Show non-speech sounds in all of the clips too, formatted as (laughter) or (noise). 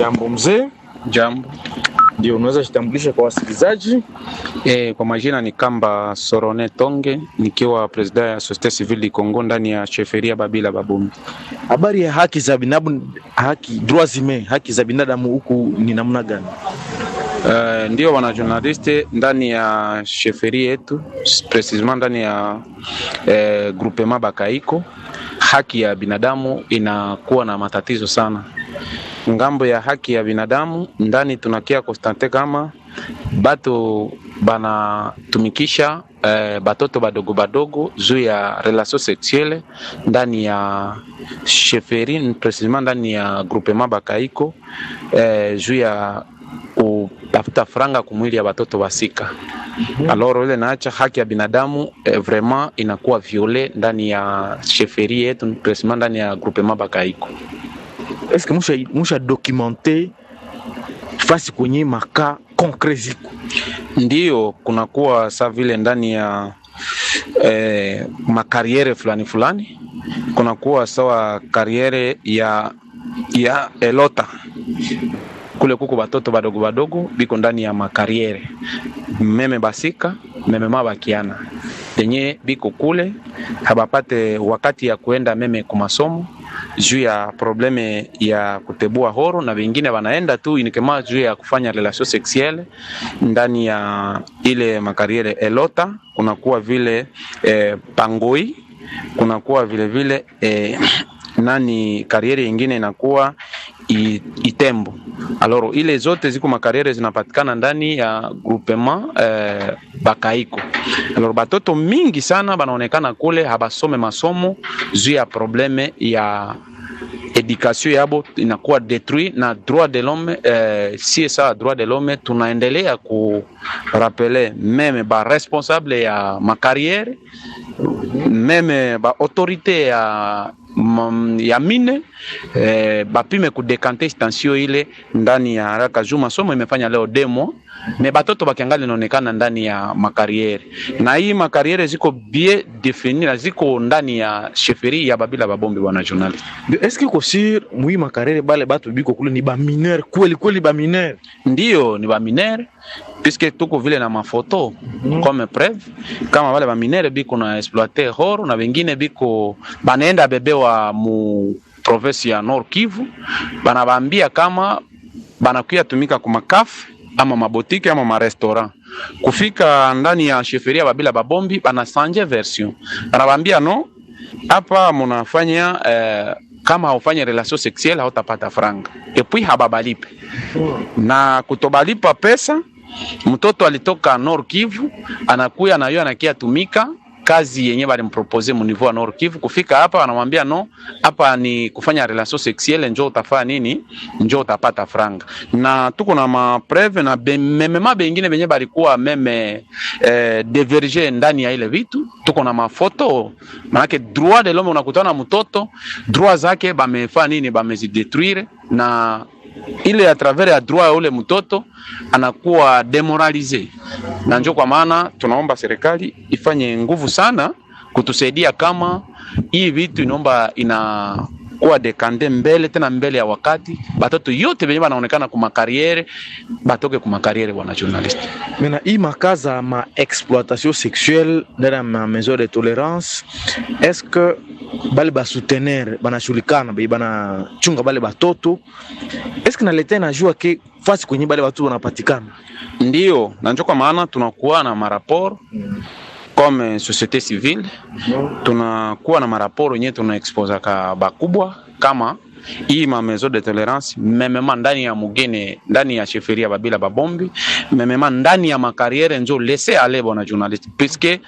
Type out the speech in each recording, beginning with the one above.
Jambo mzee. Jambo. Ndio, unaweza kujitambulisha kwa wasikilizaji? E, kwa majina ni Kamba Sorone Tonge, nikiwa president ya Societe Civile Congo ndani ya Sheferia Babila Babumi. Habari ya haki za binadamu, haki droits haki za binadamu huku ni namna gani? Uh, ndio wana journaliste ndani ya sheferi yetu precisement ndani ya eh, groupement Bakaiko, haki ya binadamu inakuwa na matatizo sana, ngambo ya haki ya binadamu ndani tunakia konstante kama bato banatumikisha eh, batoto badogo badogo juu ya relation sexuelle ndani ya sheferi precisement ndani ya groupement bakaiko eh, juu ya kutafuta franga kumwili ya batoto basika mhm. aloro ile naacha haki ya binadamu eh, vraiment inakuwa viole ndani ya sheferi yetu precisement ndani ya groupement bakaiko est-ce que fasi kwenye maka konkre ziko ndiyo kunakuwa sa vile ndani ya eh, makariere fulani fulani kunakuwa sawa kariere ya, ya elota kule kuko batoto badogo badogo biko ndani ya makariere meme basika meme ma bakiana denye biko kule habapate wakati ya kuenda meme masomo juu ya probleme ya kutebua horo, na vingine wanaenda tu inikema juu ya kufanya relation sexuelle ndani ya ile makariere elota, kunakuwa vile eh, pangoi kunakuwa vilevile vile, eh, (clears throat) nani kariere yingine inakuwa Itembo. Alors ile zote ziko makariere zinapatikana ndani ya groupement eh, Bakaiko. Alors batoto mingi sana banaonekana kule habasome masomo juu ya probleme ya edukasio yabo inakuwa detrui na droit de l'homme eh, CSA droit de l'homme tunaendelea kurapele meme ba responsable ya makariere meme ba autorité ya ya mine eh, bapime kudekante stansio ile ndani ya haraka. Juma somo imefanya leo demo me batoto bakiangali inaonekana ndani ya makariere, na hii makariere ziko bie definira, ziko ndani ya sheferi ya babila babombe. Bwana journal, eske uko sir mwi makariere bale batu biko kule ni ba mineur kweli kweli, ba mineur ndio ni ba mineur, puisque tuko vile na mafoto mm-hmm. comme preuve kama bale ba mineur biko na exploiter horo na wengine biko banaenda bebewa mu province ya Nord Kivu, banabambia kama banakuya tumika kumakafe ama mabotike ama marestora kufika ndani ya sheferia babila babombi banasanje version banabambia no hapa munafanya eh, kama haufanye relation sexuelle hautapata franga epui hababalipe na kutobalipa pesa mtoto alitoka Nord Kivu anakuya nayo anakia tumika kazi yenye balimpropose munivua Nord Kivu, kufika hapa wanamwambia no, hapa ni kufanya relation sexuelle, njoo utafaa nini, njoo utapata franga. Na tuko na mapreve na memema bengine benye balikuwa meme eh, diverge ndani ya ile vitu, tuko na mafoto, manake droit de l'homme unakutana mtoto droit zake bamefaa nini, bamezidetruire na ile a travers ya droit ya ule mtoto anakuwa demoralize, na njo kwa maana tunaomba serikali ifanye nguvu sana kutusaidia kama hii vitu inaomba ina kuwa dekande mbele tena mbele ya wakati, batoto yote benye banaonekana ku kumakariere batoke kumakariere. Bwana journaliste mena hii makaza ma exploitation sexuelle ndani ya ma maison de tolerance, est-ce que bale basoutenere banashulikana bei banachunga bale batoto, est-ce que naleta najua ke fasi kwenye bale batoto wanapatikana, ndio nanjo kwa maana tunakuwa na maraporo mm. Comme société civile tunakuwa na maraporo yenye tunaexposaka bakubwa kama hii ma de tolerance memema ndani ya mugine ndani ya sheferia babila babombi memema ndani ya makariere njo lese ale bona journaliste puisque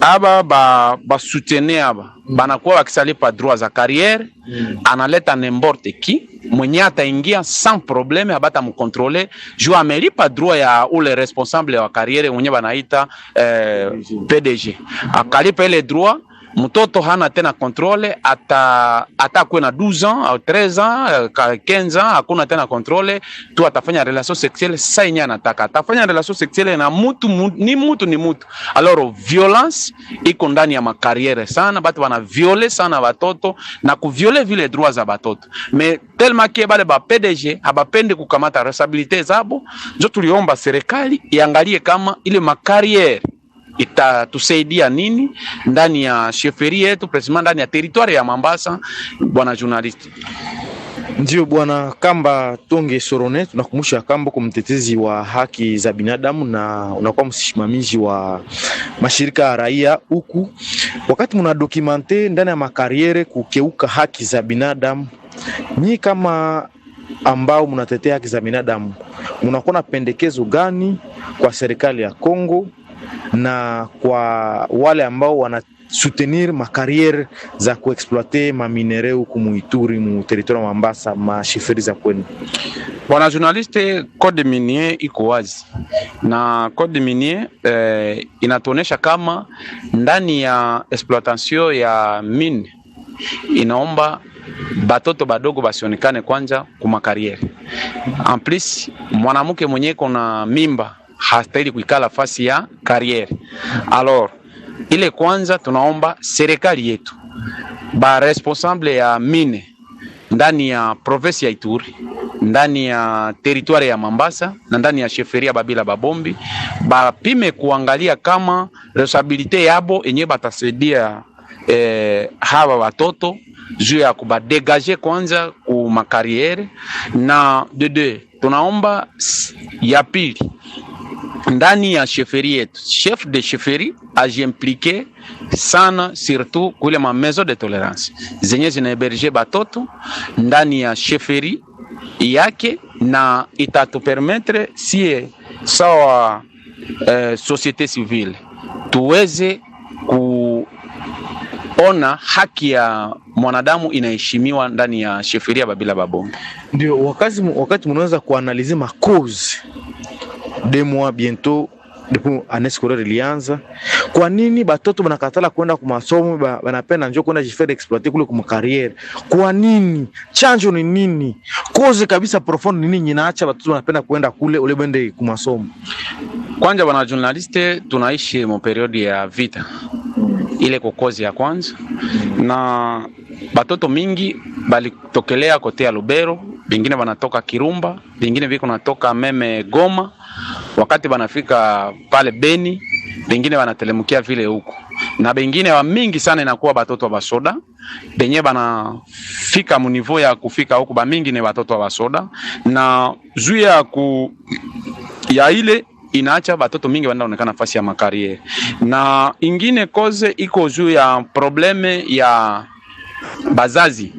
aba ba basutene aba banakuwa wakisalipa droit za carrière mm. Analeta n'importe qui mwenye ataingia sans probleme, abata mkontrole juu amelipa droit ya ule responsable wa carrière mwenye banaita eh, PDG akalipa ile droit mtoto hana tena kontrole ata ata na 12 ans au 13 ans 15 euh, ans, hakuna tena controle tu, atafanya relation sexuelle saa yenye anataka, atafanya relation sexuelle na mutu, ni mutu ni mutu. Alors violence iko ndani ya makariere sana, batu bana viole sana batoto na kuviole vile droit za batoto, me telma ke bale ba PDG abapende kukamata responsabilite zabo, njo tuliomba serikali iangalie kama ile makariere itatusaidia nini ndani ya sheferi yetu presima ndani ya teritwari ya Mambasa. Bwana journalist ndio Bwana Kamba Tonge Sorone, tunakumbusha Kamba kwa mtetezi wa haki za binadamu na unakuwa msimamizi wa mashirika ya raia huku, wakati muna dokumante ndani ya makariere kukeuka haki za binadamu, nyi kama ambao mnatetea haki za binadamu, mnakuwa na pendekezo gani kwa serikali ya Kongo na kwa wale ambao wana soutenir makariere za kuexploite maminere huku Muituri mu territoire ya Mambasa, mashiferi za kwenu bwana journaliste. Code minier iko wazi na code minier eh, inatuonesha kama ndani ya exploitation ya mine inaomba batoto badogo basionekane kwanja kumakariere, en plus mwanamke mwenye kona mimba hastahili kuikaa nafasi ya kariere. Alors ile kwanza, tunaomba serikali yetu ba responsable ya mine ndani ya province ya Ituri ndani ya teritwari ya Mambasa na ndani ya sheferia Babila Babombi bapime kuangalia kama responsabilite yabo enye batasaidia eh, hawa watoto juu ya kubadegaje kwanza ku makariere na dede, tunaomba ya pili ndani ya sheferi yetu, chef de sheferi ajiimplike sana, surtout kule ma maison de tolerance zenye zinaheberge batoto ndani ya sheferi yake, na itatupermetre sie sawa eh, societe civile tuweze kuona haki ya mwanadamu inaheshimiwa ndani ya sheferi ya Babila Babongo. Ndio wakati, wakati mnaweza kuanalizi makozi demwa biento bientôt depuis scolaire ilianza. Kwa nini batoto banakatala kwenda ku masomo, banapenda njoo kwenda jifere exploiter kule ku carrière? Kwa nini? Chanjo ni nini? Cause kabisa profonde ni nini inaacha batoto banapenda kwenda kule ule bende ku masomo? Kwanza bana journaliste, tunaishi mo periode ya vita ile kokozi ya kwanza na batoto mingi balitokelea kote ya Lubero, bingine banatoka Kirumba, bingine viko natoka meme Goma, wakati banafika pale Beni, bingine banatelemukia vile huko, na bengine wa mingi sana inakuwa batoto wa basoda benye banafika munivo ya kufika huko, bamingi ni batoto wa basoda na juu ya ku ya ile inaacha batoto mingi wanaonekana nafasi ya makariere, na ingine koze iko juu ya probleme ya bazazi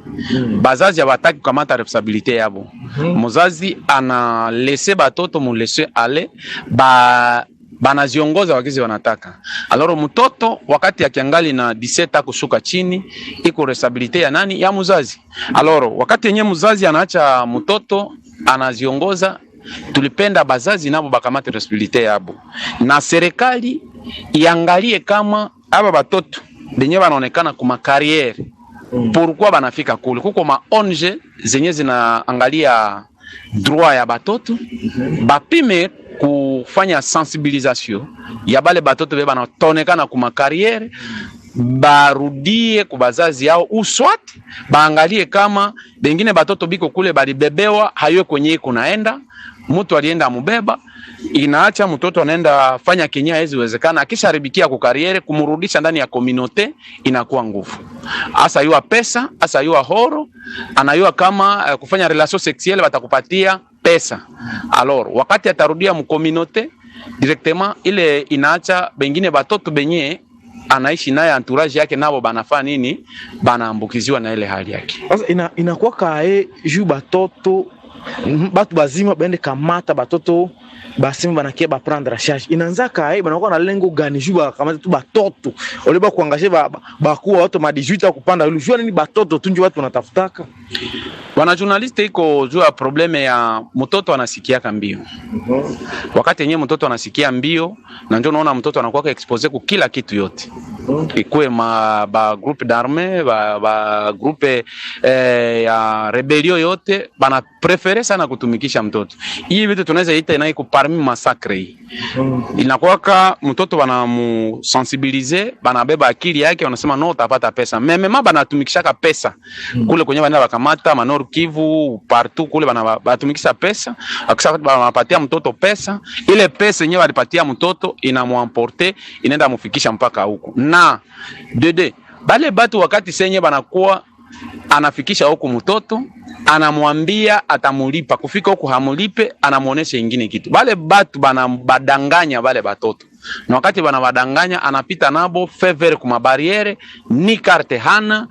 bazazi abataki kukamata responsabilite yabo. Mhm. Muzazi analese batoto mulese ale ba banaziongoza wakizi wanataka. Aloro mtoto wakati akiangali na 17 kushuka chini iko responsibility ya nani? Ya muzazi. Aloro wakati yenye muzazi anaacha mtoto anaziongoza, tulipenda bazazi nabo bakamate responsibility yabo, na serikali iangalie kama aba batoto benye banaonekana kuma kariere mm. Pourquoi banafika kule? Kuko ma onge zenye zinaangalia droit ya batoto mm -hmm. bapime kufanya sensibilisation ya bale batoto be banatonekana kuma makariere barudie kubazazi yao uswati baangalie kama bengine batoto biko kule balibebewa hayo kwenye iko mtu alienda amubeba, inaacha mtoto anaenda fanya kinyia, haizi wezekana. Akisharibikia kwa kariere, kumrudisha ndani ya community inakuwa nguvu. hasa yua pesa, hasa yua horo, anayua kama uh, kufanya relation sexuelle watakupatia pesa. Alors wakati atarudia mu community directement, ile inaacha bengine batoto benye anaishi naye entourage yake nabo banafaa nini, banaambukiziwa na ile hali yake. Sasa inakuwa ina kae juu batoto Mhm, batu bazima baende kamata batoto basimu banakia ba prendre la charge inanzaka e banakuwa na lengo gani juu kamata tu batoto ole ba kuwa watu ma 18 kupanda ile jua nini batoto tunje watu wanatafutaka bwana journaliste iko juu ya probleme ya mtoto anasikia kambio mm-hmm. wakati yenyewe mtoto anasikia mbio na ndio unaona mtoto anakuwa expose kwa kila kitu yote mm-hmm. ikuwe ma ba groupe d'armée ba, ba groupe eh, ya rebelio yote bana pref prefere sana kutumikisha mtoto. Hii vitu tunaweza ita inaye ku parmi masakre hii. Mm. Inakuwaka mtoto bana bana beba akili yake, wanasema no utapata pesa. Meme mama banatumikishaka pesa. Mm. Kule kwenye bana bakamata Manor Kivu, partu, kule bana batumikisha pesa. Akisha banapatia mtoto pesa, ile pesa yenyewe alipatia mtoto inamwamporte, inaenda mufikisha mpaka huko. Na dede, bale batu wakati senye banakuwa anafikisha huko mtoto anamwambia atamulipa, kufika huko hamulipe, anamuonesha ingine kitu. Bale batu badanganya bale batoto, na wakati bana badanganya, anapita nabo fever kuma bariere, ni karte hana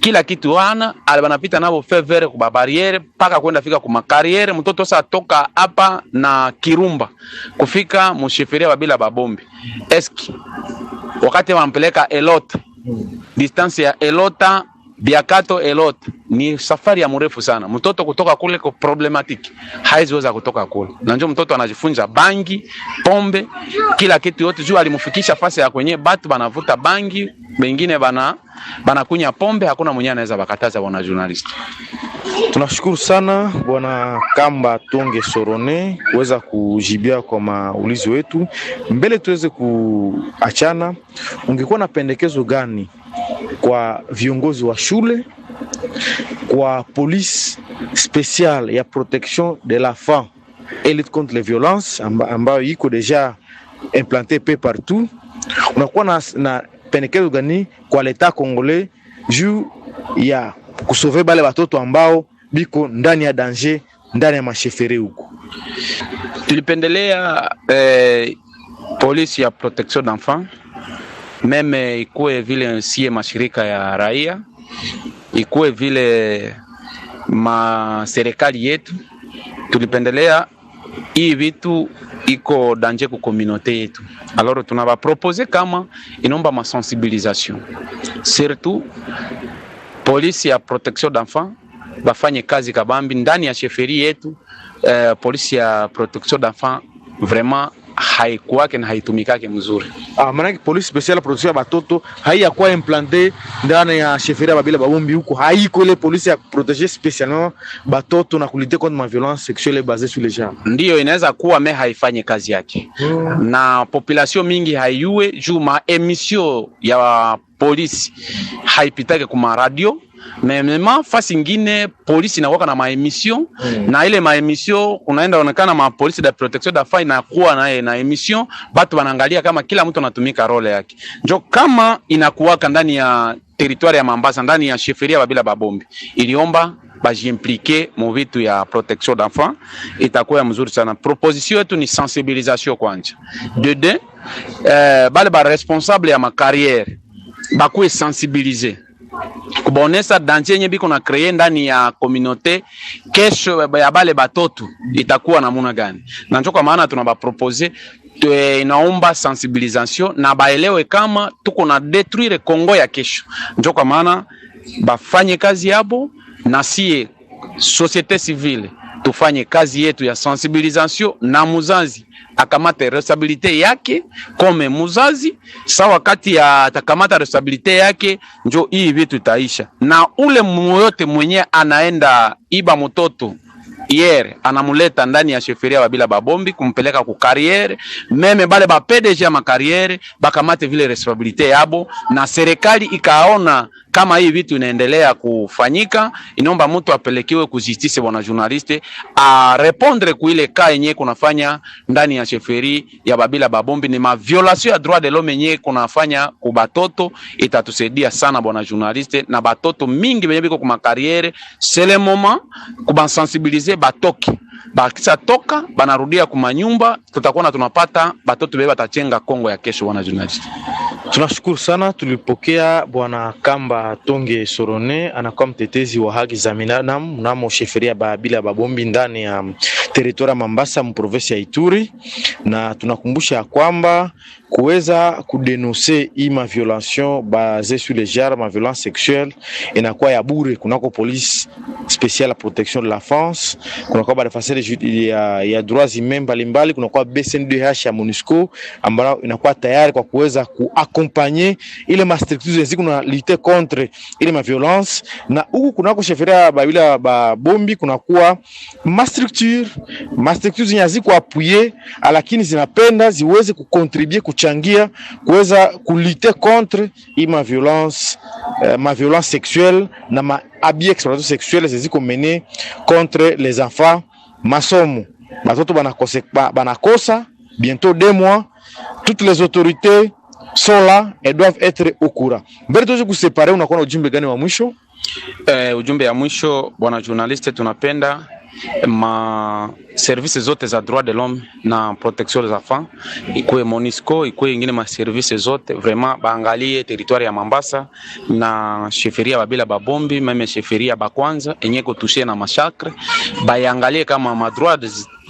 kila kitu hana, ale banapita nabo fever kuma bariere paka kwenda fika kuma kariere. Mtoto sasa toka hapa na Kirumba kufika musheferia bila babombe eski, wakati wanampeleka elote distance ya Elota Biakato Elot ni safari ya mrefu sana. Mtoto kutoka kule kwa problematic haiziweza kutoka kule, na ndio mtoto anajifunza bangi, pombe, kila kitu yote, juu alimfikisha fasi ya kwenye batu banavuta bangi, wengine bana banakunya pombe, hakuna mwenye anaweza bakataza. Bwana journalist, tunashukuru sana bwana Kamba Tonge Sorone kuweza kujibia kwa maulizo wetu. Mbele tuweze kuachana, ungekuwa na pendekezo gani kwa viongozi wa shule, kwa polisi special ya protection de l'enfant elite contre les violences ambayo iko deja implante pe partout. Unakuwa na, na pendekezo gani kwa leta congolais juu ya kusove bale batoto ambao biko ndani ya danger ndani ya mashefere huko? Tulipendelea eh, polisi ya protection d'enfant meme ikuwe vile sie mashirika ya raia, ikuwe vile ma serikali yetu, tulipendelea hii vitu iko danje ku komunote yetu. Alors tunabapropose kama inomba masensibilisation, surtout polisi ya protection d'enfant bafanye kazi kabambi ndani ya sheferi yetu. Eh, polisi ya protection d'enfant vraiment haikuwake na haitumikake mzuri. Ah, maanake polisi special protection ya batoto haiyakuwa implante ndani ya sheferia babila babombi huko, haiko ile polisi ya proteger specialement batoto na kulite contre ma violence sexuelle basée sur les genres. Ndiyo inaweza kuwa me haifanye kazi yake hmm. Na population mingi haiue juu ma emission ya polisi haipitake kuma radio Memema fasi ingine polisi inakuwa na maemission mm. na ile maemission kunaenda onekana ma polisi da protection da fai inakuwa naye na emission, batu wanaangalia kama kila mtu anatumika role yake, njo kama inakuwaka ndani ya teritwari ya Mambasa, ndani ya sheferia Babila Babombi, iliomba bajiimplike muvitu ya protection d'enfant, itakuwa mzuri sana. Proposition yetu ni sensibilisation kwanja dede eh, bale ba responsable ya makariere bakuwe sensibiliser kubaonesa danje yenye biko na kreye ndani ya komunote, kesho ya bale batoto itakuwa namuna gani? Na njo kwa maana tunabapropose inaomba sensibilisation na baelewe kama tuko na detruire Kongo ya kesho. Njo kwa maana bafanye kazi yabo na sie societe civile tufanye kazi yetu ya sensibilisation na muzazi akamata responsabilite yake kome muzazi sawa, wakati ya atakamata responsabilite yake, njo hii vitu itaisha, na ule moyote mwenye anaenda iba mtoto hier anamuleta ndani ya sheferia Babila Babombi kumpeleka ku carriere meme bale ba PDG ya makariere bakamate vile responsabilite yabo, na serikali ikaona kama hii vitu inaendelea kufanyika, inomba mtu apelekiwe ku justice. Bwana journaliste a répondre ku ile ka yenye kunafanya ndani ya sheferi ya Babila Babombi ni ma violation ya droit de l'homme yenye kunafanya ku batoto, itatusaidia sana bwana journaliste, na batoto mingi benye biko ku makariere c'est le moment sensibiliser batoke bakisa toka banarudia kumanyumba, tutakuwa na tunapata batoto bee batachenga Kongo ya kesho. Wana journalist Tunashukuru sana, tulipokea bwana Kamba Tonge Sorone, anakuwa mtetezi wa haki za binadamu mnamo sheferia Baabila Babombi ndani ya teritoria Mambasa mprovensi ya Ituri, na tunakumbusha kwamba kuweza kudenonse hii ma violation base sur les genres ma violence sexuelle inakuwa ya bure kunako police speciale protection de la France, kunakuwa barefasere ya, ya droits humains mbalimbali, kunakuwa BCNDH ya MONUSCO ambayo inakuwa tayari kwa kuweza ku kuakompanye ile mastriktizo yenzi kuna lite contre ile maviolence, na huku kunako sheferia babila babombi kuwa mastructure mastrukture zenye haziko apuye, ah, lakini zinapenda ziweze kukontribue kuchangia kuweza kulite contre ile maviolence eh, maviolence sexuelle na ma abus exploitation sexuelle zeziko mene contre les enfants masomo batoto banakosa bientôt deux mois toutes les autorités sola et doivent être au courant. Mbele tuweze kuseparate, unakuwa na ujumbe gani wa mwisho? Uh, ujumbe ya mwisho bwana journaliste, tunapenda ma service zote za droit de l'homme na protection des enfants ikuwe Monisco ikuwe ingine ma service zote vraiment baangalie territoire ya Mambasa na sheferia babila babombi meme sheferia bakwanza enye kotushe na massacre bayangalie kama ma droit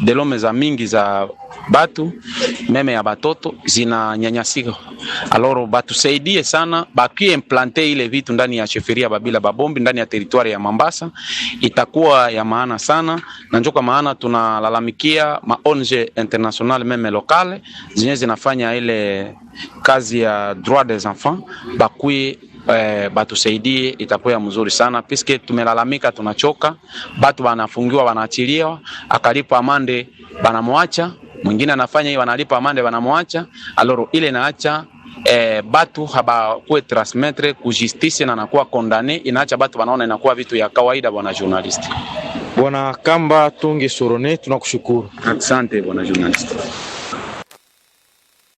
de l'homme za mingi za batu meme ya batoto zinanyanyasika. Aloro batusaidie sana, bapie implante ile vitu ndani ya sheferia Babila Babombi ndani ya teritwari ya Mambasa, itakuwa ya maana sana na njoka maana tunalalamikia ma maonje international meme lokale zenye zinafanya ile kazi ya droit des enfants bakui Eh, batusaidie itakuwa mzuri sana piske tumelalamika, tunachoka, batu wanafungiwa, wanaachiliwa, akalipo amande banamwacha Mwingine anafanya hiyo, analipa amande wanamwacha. Alors ile inaacha e, batu habakuwe transmettre ku justice na nakuwa kondane, inaacha batu wanaona inakuwa vitu ya kawaida. Bwana journalist, Bwana Kamba Tungi Sorone, tunakushukuru. Asante bwana journalist.